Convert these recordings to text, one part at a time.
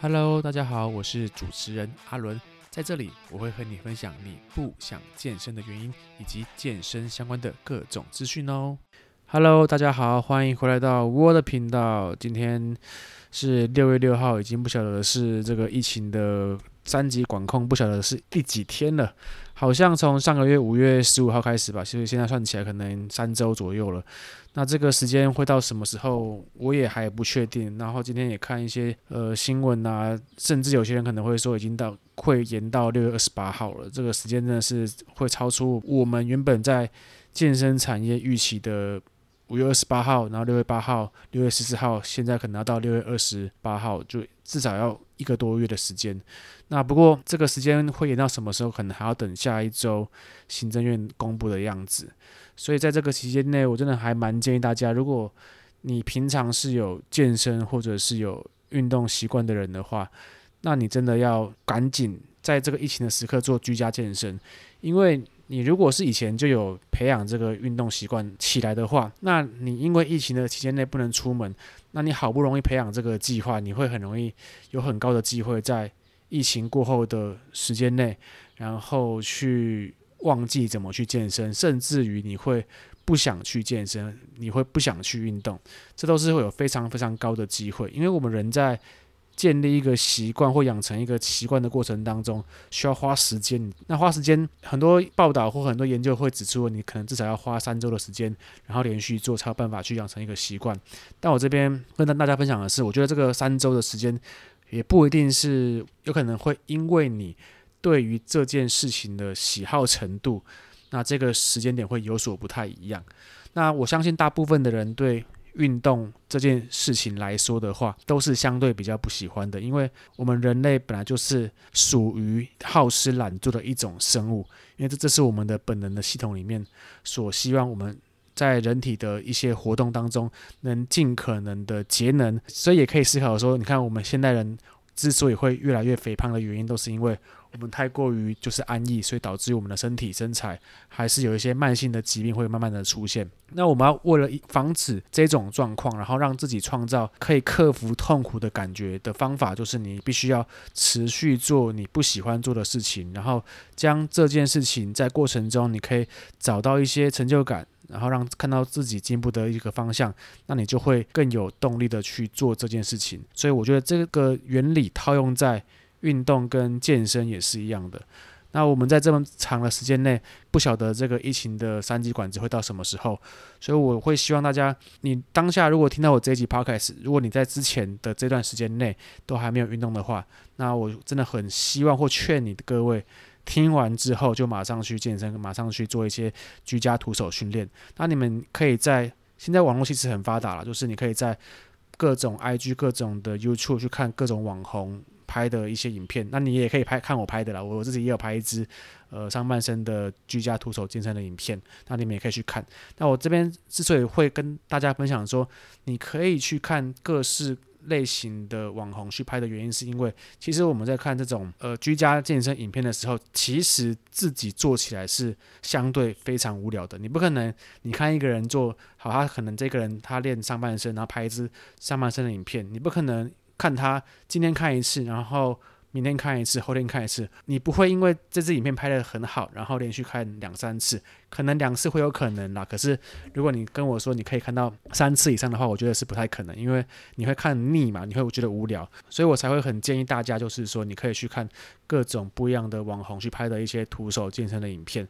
Hello，大家好，我是主持人阿倫，在這裡我會和你分享你不想健身的原因，以及健身相關的各種資訊哦。Hello，大家好，歡迎回來到我的頻道，今天是六月六號，已經不曉得是這個疫情的。三級管控不曉得是第幾天了，好像從上個月五月十五號開始吧，所以現在算起來可能三周左右了。那這個時間會到什麼時候，我也還不確定。然後今天也看一些呃新聞啊，甚至有些人可能會說已經到會延到六月二十八號了。這個時間真的是會超出我們原本在健身產業預期的。五月二十八號，然後六月八號、六月十四號，現在可能要到六月二十八號，就至少要一個多月的時間。那不過這個時間會延到什麼時候，可能還要等下一周行政院公布的樣子。所以在這個期間內，我真的還蠻建議大家，如果你平常是有健身或者是有運動習慣的人的話，那你真的要趕緊在這個疫情的時刻做居家健身，因為。你如果是以前就有培養這個運動習慣起來的話，那你因為疫情的期間內不能出門，那你好不容易培養這個計劃，你會很容易有很高的機會在疫情過後的時間內，然後去忘記怎麼去健身，甚至於你會不想去健身，你會不想去運動，這都是會有非常非常高的機會，因為我們人在。建立一個習慣或養成一個習慣的過程當中，需要花時間。那花時間，很多報道或很多研究會指出，你可能至少要花三周的時間，然後連續做才有辦法去養成一個習慣。但我這邊跟大家分享的是，我覺得這個三周的時間也不一定是有可能會因為你對於這件事情的喜好程度，那這個時間點會有所不太一樣。那我相信大部分的人對。運動這件事情來說的話，都是相對比較不喜歡的，因為我們人類本來就是屬於好吃懶做的一種生物，因為這這是我們的本能的系統裡面所希望我們在人體的一些活動當中能盡可能的節能，所以也可以思考說，你看我們現代人，之所以會越來越肥胖的原因，都是因為我們太過於就是安逸，所以導致我們的身體身材還是有一些慢性的疾病會慢慢的出現。那我們要為了防止這種狀況，然後讓自己創造可以克服痛苦的感覺的方法，就是你必須要持續做你不喜歡做的事情，然後將這件事情在過程中你可以找到一些成就感。然後讓看到自己進步的一個方向，那你就會更有動力的去做這件事情。所以我覺得這個原理套用在運動跟健身也是一樣的。那我們在這麼長的時間內，不曉得這個疫情的三級管制會到什麼時候。所以我會希望大家，你當下如果聽到我這一集 Podcast，如果你在之前的這段時間內都還沒有運動的話，那我真的很希望或勸你的各位。聽完之後就馬上去健身，馬上去做一些居家徒手訓練。那你們可以在現在網絡其實很發達了，就是你可以在各種 IG、各種的 YouTube 去看各種網紅拍的一些影片。那你也可以拍看我拍的啦，我自己也有拍一支呃上半身的居家徒手健身的影片，那你們也可以去看。那我這邊之所以會跟大家分享說，你可以去看各式。類型的網紅去拍的原因，是因為其實我們在看這種呃居家健身影片的時候，其實自己做起來是相對非常無聊的。你不可能，你看一個人做好，他可能這個人他練上半身，然後拍一支上半身的影片，你不可能看他今天看一次，然後，明天看一次，後天看一次，你不會因為這支影片拍得很好，然後連續看兩三次，可能兩次會有可能啦。可是如果你跟我說你可以看到三次以上的話，我覺得是不太可能，因為你會看膩嘛，你會覺得無聊，所以我才會很建議大家，就是說你可以去看各種不一樣的網紅去拍的一些徒手健身的影片。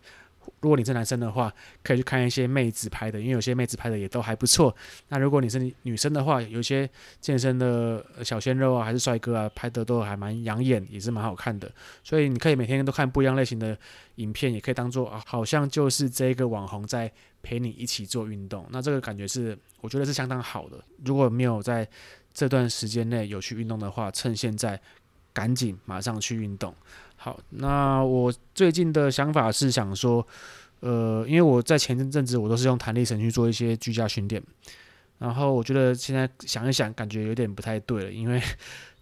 如果你是男生的話，可以去看一些妹子拍的，因為有些妹子拍的也都還不錯。那如果你是女生的話，有些健身的小鮮肉啊，還是帥哥啊，拍的都還蠻養眼，也是蠻好看的。所以你可以每天都看不一樣類型的影片，也可以當做啊，好像就是這個網紅在陪你一起做運動，那這個感覺是我覺得是相當好的。如果沒有在這段時間內有去運動的話，趁現在趕緊馬上去運動。好，那我最近的想法是想說，呃，因為我在前一陣子我都是用彈力繩去做一些居家訓練，然後我覺得現在想一想，感覺有點不太對了，因為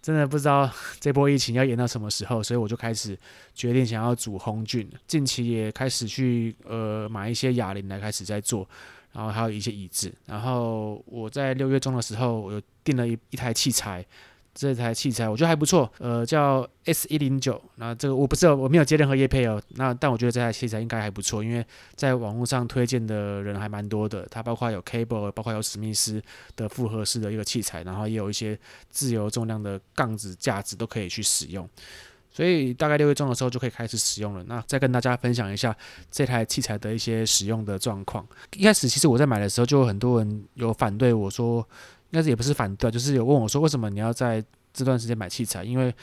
真的不知道這波疫情要延到什麼時候，所以我就開始決定想要組 Home gym，近期也開始去呃買一些啞鈴來開始在做，然後還有一些椅子，然後我在六月中的時候，我訂了一一台器材。這台器材我覺得還不錯，呃，叫 S 一零九，那這個我不是我沒有接任何業配哦，那但我覺得這台器材應該還不錯，因為在網絡上推薦的人還蠻多的，它包括有 Cable，包括有史密斯的複合式的一個器材，然後也有一些自由重量的槓子架子都可以去使用，所以大概六月中的時候就可以開始使用了。那再跟大家分享一下這台器材的一些使用的狀況。一開始其實我在買的時候就很多人有反對我說。但是也不是反對，就是有問我，說為什麼你要在這段時間買器材？因為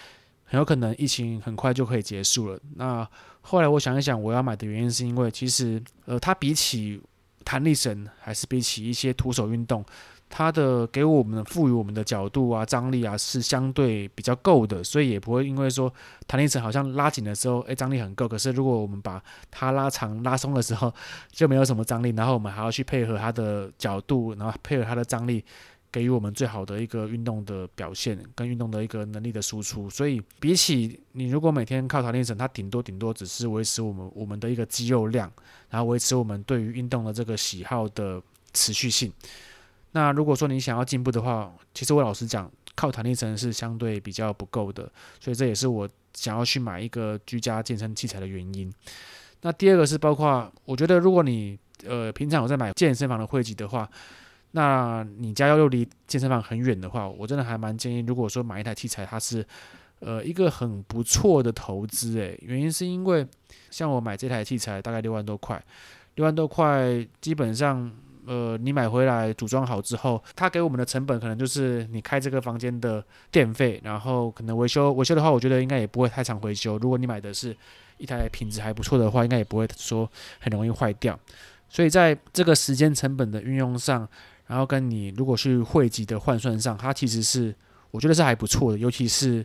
很有可能疫情很快就可以結束了。那後來我想一想，我要買的原因是因為，其實呃，它比起彈力繩，還是比起一些徒手運動，它的給我們賦予我們的角度啊、張力啊，是相對比較夠的。所以也不會因為說彈力繩好像拉緊的時候，哎，張力很夠。可是如果我們把它拉長、拉松的時候，就沒有什麼張力。然後我們還要去配合它的角度，然後配合它的張力。給予我們最好的一個運動的表現跟運動的一個能力的輸出，所以比起你如果每天靠彈力繩，它頂多頂多只是維持我們我們的一個肌肉量，然後維持我們對於運動的這個喜好的持續性。那如果說你想要進步的話，其實我老實講，靠彈力繩是相對比較不夠的，所以這也是我想要去買一個居家健身器材的原因。那第二個是包括，我覺得如果你呃，平常有在買健身房的會籍的話。那你家要又離健身房很遠的話，我真的還蠻建議，如果說買一台器材，它是，呃，一個很不錯的投資，誒，原因是因為像我買這台器材大概六萬多塊，六萬多塊，基本上，呃，你買回來組裝好之後，它給我們的成本可能就是你開這個房間的電費，然後可能維修維修的話，我覺得應該也不會太常維修。如果你買的是一台品質還不錯的話，應該也不會說很容易壞掉。所以在這個時間成本的運用上，然後跟你如果去匯集的換算上，它其實是我覺得是還不錯的，尤其是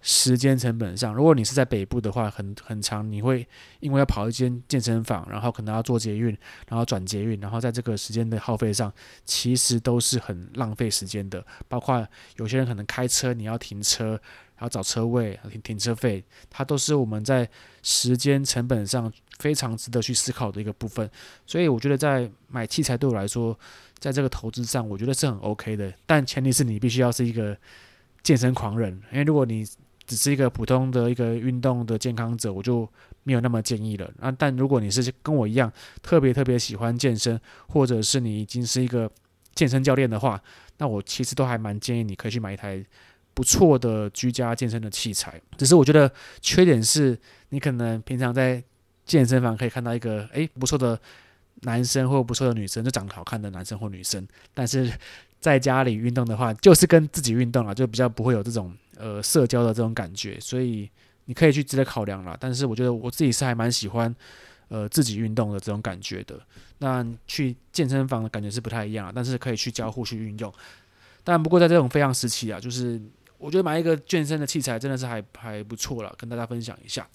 時間成本上。如果你是在北部的話，很很長，你會因為要跑一間健身房，然後可能要坐捷運，然後轉捷運，然後在這個時間的耗費上，其實都是很浪費時間的。包括有些人可能開車，你要停車。然後找車位、停停車費，它都是我們在時間成本上非常值得去思考的一個部分。所以我覺得，在買器材對我來說，在這個投資上，我覺得是很 OK 的。但前提是你必須要是一個健身狂人，因為如果你只是一個普通的一個運動的健康者，我就沒有那麼建議了、啊。那但如果你是跟我一樣特別特別喜歡健身，或者是你已經是一個健身教練的話，那我其實都還蠻建議你可以去買一台，不錯的居家健身的器材，只是我覺得缺點是你可能平常在健身房可以看到一個誒不錯的男生或者不錯的女生，就長得好看的男生或女生，但是在家裡運動的話，就是跟自己運動啊，就比較不會有這種呃社交的這種感覺，所以你可以去直接考量了。但是我覺得我自己是還蠻喜歡呃自己運動的這種感覺的。那去健身房的感覺是不太一樣，但是可以去交互去運用。但不過在這種非常時期啊，就是。我覺得買一個健身的器材，真的是還還不錯了，跟大家分享一下。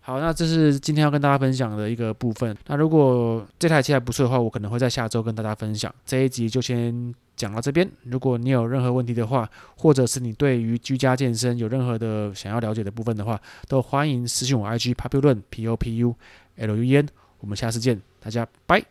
好，那這是今天要跟大家分享的一個部分。那如果這台器材不錯的話，我可能會在下周跟大家分享。這一集就先講到這邊。如果你有任何問題的話，或者是你對於居家健身有任何的想要了解的部分的話，都歡迎私信我 IG Populuen P O P U L U N。我們下次見，大家拜。